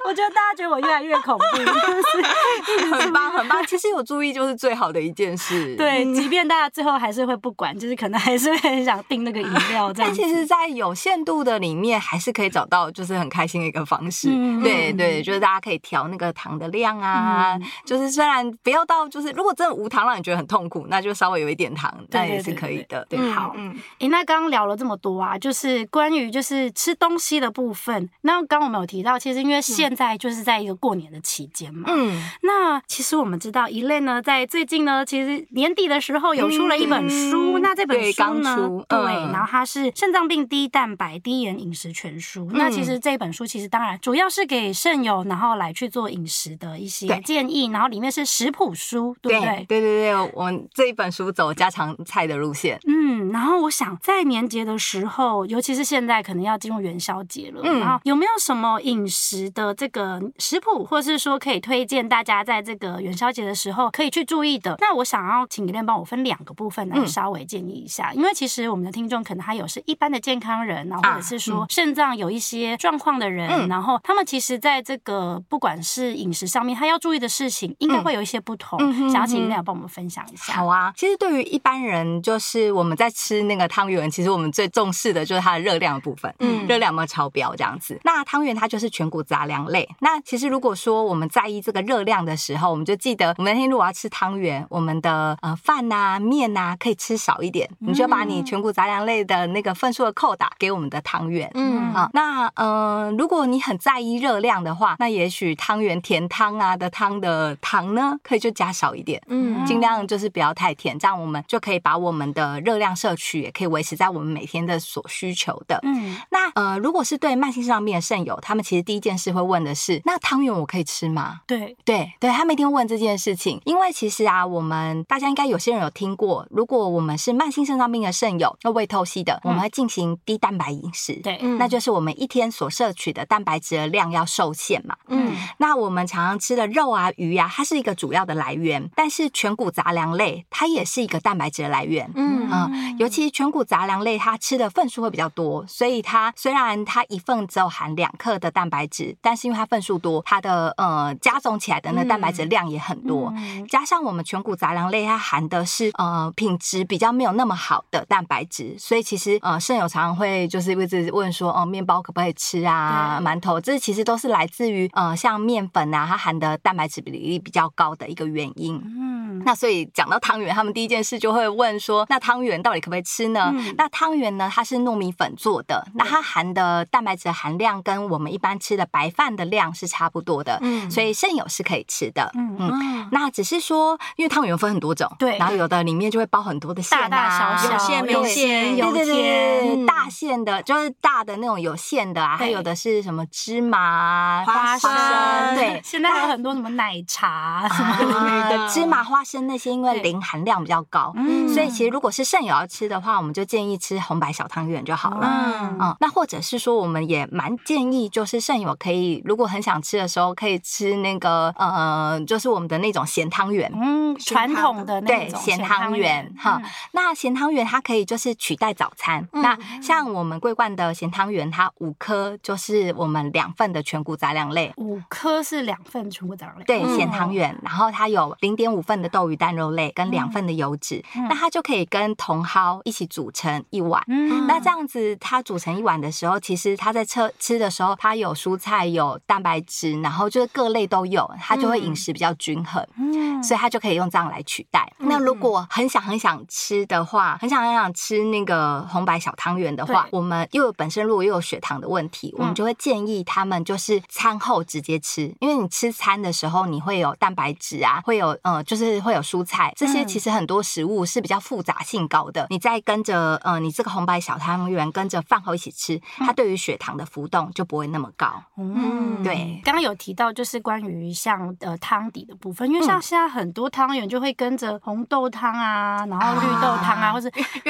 Speaker 2: 我覺得大家覺得我越來越恐怖，很棒很棒。其實有注意就是最好的一件事。對，即便大家最後還是會不管，就是可能還是會很想訂那個飲料這樣。但
Speaker 1: 其實，在有限度的裡面，還是可以找到就是很開心的一個方式。對對，就是大家可以調那個糖的量啊，就是雖然不要到，就是如果真的無糖讓你覺得很痛苦。那就稍微有一點糖，那也是可以的。對，對，對，對，
Speaker 2: 對，對嗯、好，哎、欸，那剛剛聊了這麼多啊，就是關於就是吃東西的部分。那剛我們有提到，其實因為現在就是在一個過年的期間嘛，嗯，那其實我們知道 Elaine 呢，在最近呢，其實年底的時候有出了一本書，嗯嗯、那這本書呢，對、剛出嗯、對，然後它是《腎臟病低蛋白低鹽飲食全書》嗯。那其實這本書其實當然主要是給腎友，然後來去做飲食的一些
Speaker 1: 建議，對然後裡面是食譜書，對不對，對？對對對，我。這一本書走家常
Speaker 2: 菜的路線，嗯，然後我想在年節的時候，尤其是現在可能要進入元宵節了，嗯，然後有沒有什麼飲食的這個食譜，或者是說可以推薦大家在這個元宵節的時候可以去注意的？那我想要請 Elaine 幫我分兩個部分來稍微建議一下，嗯、因為其實我們的聽眾可能他有是一般的健康人，然後或者是說腎臟有一些狀況的人，啊嗯、然後他們其實在這個不管是飲食上面他要注意的事情，應該會有一些不同，嗯、想要請 Elaine 幫我們分享一下。好啊，其實對於一般人，
Speaker 1: 就是我們在吃那個湯圓，其實我們最重視的就是它的熱量的部分，嗯，熱量有沒有超標這樣子？那湯圓它就是全穀雜糧類。那其實如果說我們在意這個熱量的時候，我們就記得，我們天如果要吃湯圓，我們的呃飯吶、啊、麵吶、啊、可以吃少一點，你就把你全穀雜糧類的那個份數的扣打給我們的湯圓，嗯，好。那呃如果你很在意熱量的話，那也許湯圓甜湯啊的湯的糖呢，可以就加少一點，嗯，盡量就是。不要太甜，這樣我們就可以把我們的熱量攝取也可以維持在我們每天的所需求的。嗯，那呃，如果是對慢性腎臟病的腎友，他們其實第一件事會問的是：那湯圓我可以吃嗎？對，對，對，他們一定問這件事情，因為其實啊，我們大家應該有些人有聽過，如果我們是慢性腎臟病的腎友，要未透析的，我們會進行低蛋白飲食，對、嗯，那就是我們一天所攝取的蛋白質的量要受限嘛。嗯，那我們常常吃的肉啊、魚啊，它是一個主要的來源，但是全谷雜糧類。它也是一個蛋白質的來源，嗯、呃、尤其全穀雜糧類，它吃的份數會比較多，所以它雖然它一份只有含兩克的蛋白質，但是因為它份數多，它的呃加總起來的那蛋白質量也很多。嗯嗯、加上我們全穀雜糧類它含的是呃品質比較沒有那麼好的蛋白質，所以其實呃，腎友常常會就是一直問說哦、呃，麵包可不可以吃啊？對饅頭，這其實都是來自於呃像麵粉啊，它含的蛋白質比例比較高的一個原因。嗯，那所以講。然後湯圓，他們第一件事就會問說：“那湯圓到底可不可以吃呢？”那湯圓呢，它是糯米粉做的，那它含的蛋白質含量跟我們一般吃的白飯的量是差不多的，嗯，所以腎友是可以吃的，嗯嗯。那只是說，因為湯圓分很多種，對，然後有的裡面就會包很多的餡，大大小小，有餡、有餡，對對對，大餡的，就是大的那種有餡的啊，還有的是什麼芝麻、花生，對，現在還有很多什麼奶
Speaker 2: 茶什麼之類的，
Speaker 1: 芝麻花生那些，因為。磷含量比較高，嗯、所以其實如果是腎友要吃的話，我們就建議吃紅白小湯圓就好了。嗯，嗯，那或者是說，我們也蠻建議，就是腎友可以如果很想吃的時候，可以吃那個呃，就是我們的那種鹹湯圓。嗯，傳統的那種鹹湯圓。哈，那鹹湯圓它可以就是取代早餐。嗯、那像我們桂冠的鹹湯圓，它五顆就是我們兩份的全穀雜糧類，
Speaker 2: 五顆是兩份全穀雜糧。對，鹹湯圓，
Speaker 1: 然後它有零點五份的豆魚蛋肉類。跟兩份的油脂，嗯、那它就可以跟茼蒿一起煮成一碗。嗯、那這樣子，它煮成一碗的時候，其實它在吃吃的時候，它有蔬菜，有蛋白質，然後就是各類都有，它就會飲食比較均衡。嗯、所以它就可以用這樣來取代。嗯、那如果很想很想吃的話，很想很想吃那個紅白小湯圓的話，對我們因為本身如果又有血糖的問題，我們就會建議他們就是餐後直接吃，因為你吃餐的時候，你會有蛋白質啊，會有呃、嗯，就是會有蔬菜。嗯、這些其實很多食物是比較複雜性高的，你再跟着呃，你這個紅白小湯圓跟着飯後一起吃，它對於血糖的浮動就不會那麼高。嗯，
Speaker 2: 對。剛剛有提到就是關於像呃湯底的部分，因為像現在很多湯圓就會跟着紅豆湯啊，然後綠豆湯啊，啊或是湯，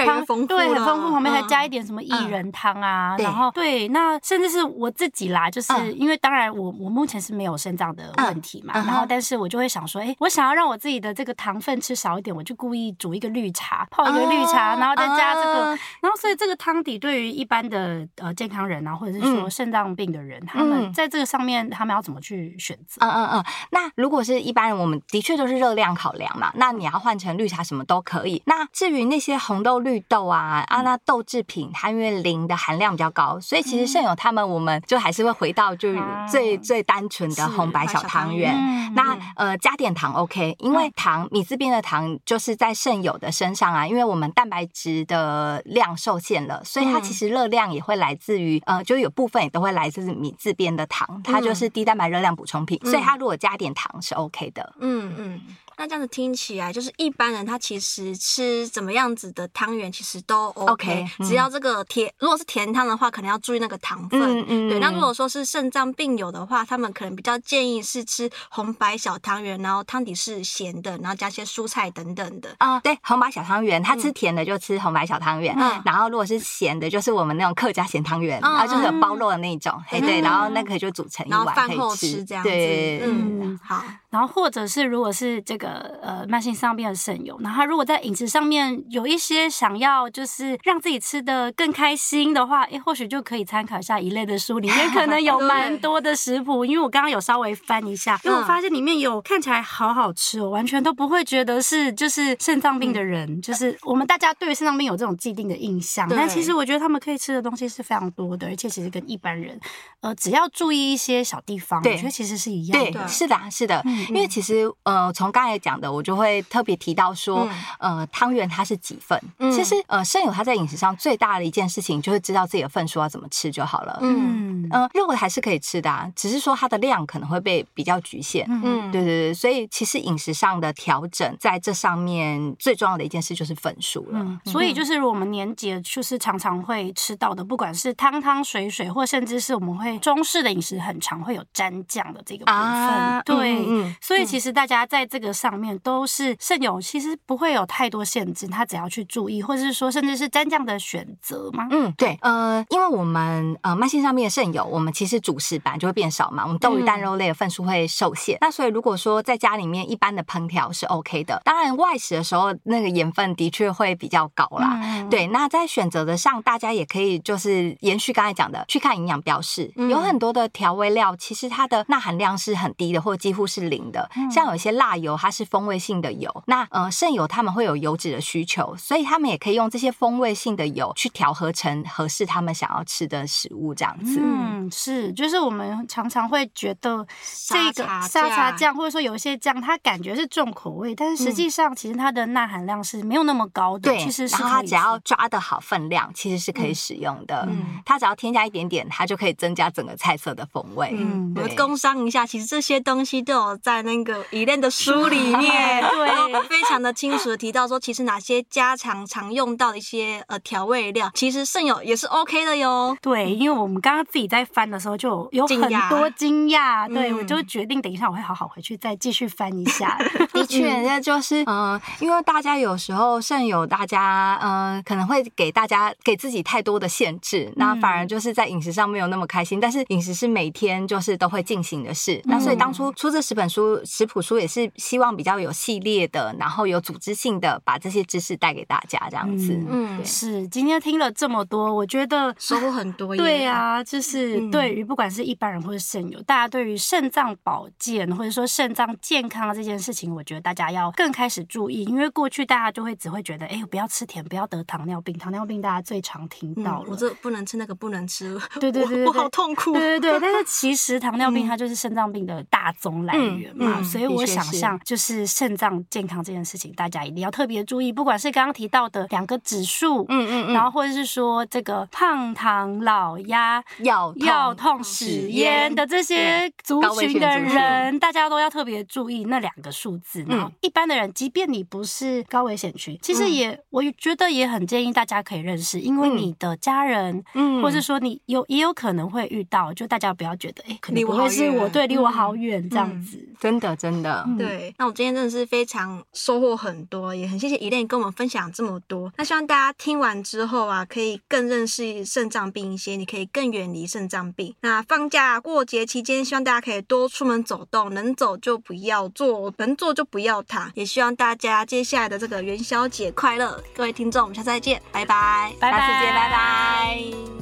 Speaker 2: 對，很豐富，旁邊還加一點什麼薏仁湯啊，嗯嗯、然後對，那甚至是我自己啦，就是、嗯、因為當然我我目前是沒有腎臟的問題嘛，嗯嗯、然後但是我就會想說，哎、欸，我想要讓我自己的這個糖分吃。少一點，我就故意煮一個綠茶，泡一個綠茶，嗯、然後再加這個，嗯、然後所以這個湯底對於一般的呃健康人啊，或者是說腎臟病的人，嗯、他們在這個上面他們要怎麼去選擇、嗯？嗯嗯嗯。那如果
Speaker 1: 是一般人，我們的確都是熱量考量嘛，那你要換成綠茶什麼都可以。那至於那些紅豆、綠豆啊、嗯、啊，那豆製品，它因為磷的含量比較高，所以其實腎友他們、嗯、我們就還是會回到就最、啊、最單純的紅白小湯圓。啊嗯嗯、那呃加點糖 OK，因為糖你這邊的。嗯糖就是在腎友的身上啊，因為我們蛋白質的量受限了，所以它其實熱量也會來自於，嗯、呃，就有部分也都會來自米制變的糖，它就是低蛋白熱量補充品，嗯、所以它如果加點糖是 OK 的，
Speaker 3: 嗯嗯。嗯那這樣子聽起來，就是一般人他其實吃怎麼樣子的湯圓其實都 OK，, Okay、嗯、只要這個甜，如果是甜湯的話，可能要注意那個糖分。嗯嗯、對，那如果說是腎臟病友的話，他們可能比較建議是吃紅白小湯圓，然後湯底是鹹的，然後加些蔬菜等等的。
Speaker 1: 啊、嗯，對，紅白小湯圓，他吃甜的就吃紅白小湯圓，嗯、然後如果是鹹的，就是我們那種客家鹹湯圓，啊、嗯，就是有包肉的那種。嗯、嘿，對，然後那個就組成一碗飯後，後吃，這樣子。對，嗯，
Speaker 2: 好。然後或者是如果是這個呃慢性腎臟病的腎友，然後如果在飲食上面有一些想要就是讓自己吃得更開心的話，哎，或許就可以參考一下一類的書，裡面可能有蠻多的食譜。因為我剛剛有稍微翻一下，因為我發現裡面有看起來好好吃，我完全都不會覺得是就是腎臟病的人，嗯、就是我們大家對於腎臟病有這種既定的印象，對但其實我覺得他們可以吃的東西是非常多的，而且其實跟一般人，呃，只要注意一些小地方，對我覺得其實是一樣的。對是的，是的。嗯因為
Speaker 1: 其實，呃，從剛才講的，我就會特別提到說，嗯、呃，湯圓它是幾份？嗯、其實，呃，腎友他在飲食上最大的一件事情，就是知道自己的份數要怎麼吃就好了。嗯嗯、呃，肉還是可以吃的，啊，只是說它的量可能會被比較局限。嗯，對對對。所以其實飲食上的調整，在這上面最重要的一件事就是份數了。嗯。
Speaker 2: 所以就是我們年節就是常常會吃到的，不管是湯湯水水，或甚至是我們會中式的飲食，很常會有蘸醬的這個部分。啊、對。嗯嗯嗯所以其實大家在這個上面都是腎友，其實不會有太多限制，他只要去注意，或者是說甚至是蘸醬的選擇
Speaker 1: 嘛。嗯，對，呃，因為我們呃慢性上面的腎友，我們其實主食版就會變少嘛，我們豆魚蛋肉類的份數會受限。嗯、那所以如果說在家裡面一般的烹調是 OK 的，當然外食的時候那個鹽分的確會比較高啦。嗯、對，那在選擇的上，大家也可以就是延續剛才講的，去看營養標示，有很多的調味料其實它的鈉含量是很低的，或幾乎是零。的，像有一些辣油，它是風味性的油。那呃，腎友他們會有油脂的需求，所以他們也可以用這些風味性的油去調和成合適他們想要吃的食物這樣子。
Speaker 2: 嗯，是，就是我們常常會覺得這個沙茶醬，或者說有一些醬，它感覺是重口味，但是實際上、嗯、其實它的鈉含量是沒有那麼高的。對，其實是它只要
Speaker 1: 抓得好分量，其實是可以使用的。嗯，它只要添加一點點，它就可以增加整個菜色的風味。嗯，對我們工
Speaker 3: 商一下，其實這些東西都有在。在那個 Elaine 的書裡面，對，非常的清楚提到說，其實哪些家常常用到的一些呃調味料，其實腎友也是 OK 的喲。對，因為我們剛剛自己
Speaker 2: 在翻的時候，就有很多驚訝，訝對我就決定等一下我會好好回去再繼續翻一下。嗯、的確確，那、嗯、就是嗯、呃，因為大家有時候腎友大家
Speaker 1: 嗯、呃、可能會給大家給自己太多的限制，嗯、那反而就是在飲食上沒有那麼開心。但是飲食是每天就是都會進行的事，那、嗯、所以當初出這十本書。食譜書也是希望比較有系列的，然後有組織性的把這些知識帶給大家，這樣
Speaker 2: 子。嗯，是。今天聽了這麼多，我覺得收穫很多。對啊，就是、嗯、對於不管是一般人或者腎友，嗯、大家對於腎臟保健或者說腎臟健康這件事情，我覺得大家要更開始注意，因為過去大家就會只會覺得，哎、欸，我不要吃甜，不要得糖尿病。糖尿病大家最常聽到、嗯，我這
Speaker 3: 不能吃那個，不能吃。對對對，對，對，我，我好痛苦。對對對，但是
Speaker 2: 其實糖尿病它就是腎臟病的大宗來。嗯嗯、所以我想象就是腎臟健康這件事情，嗯、大家一定要特別注意。是不管是剛剛提到的兩個指數、嗯，嗯嗯然後或者是說這個胖糖老壓藥藥痛史菸的這些族群的人，大家都要特別注意那兩個數字。然後一般的人，即便你不是高危險群，其實也、嗯、我覺得也很建議大家可以認識，因為你的家人，嗯，或者說你有也有可能會遇到，就大家不要覺得哎，欸、可能我是我，我對，離我好遠這樣子。嗯嗯真的，真的，對。
Speaker 3: 那我今天真的是非常收穫很多，也很謝謝 Elaine 跟我們分享這麼多。那希望大家聽完之後啊，可以更認識腎臟病一些，你可以更遠離腎臟病。那放假過節期間，希望大家可以多出門走動，能走就不要坐，能坐就不要躺。也希望大家接下來的這個元宵節快樂，各位聽眾，我們下次再見，拜拜，拜拜下次見，拜拜。Bye bye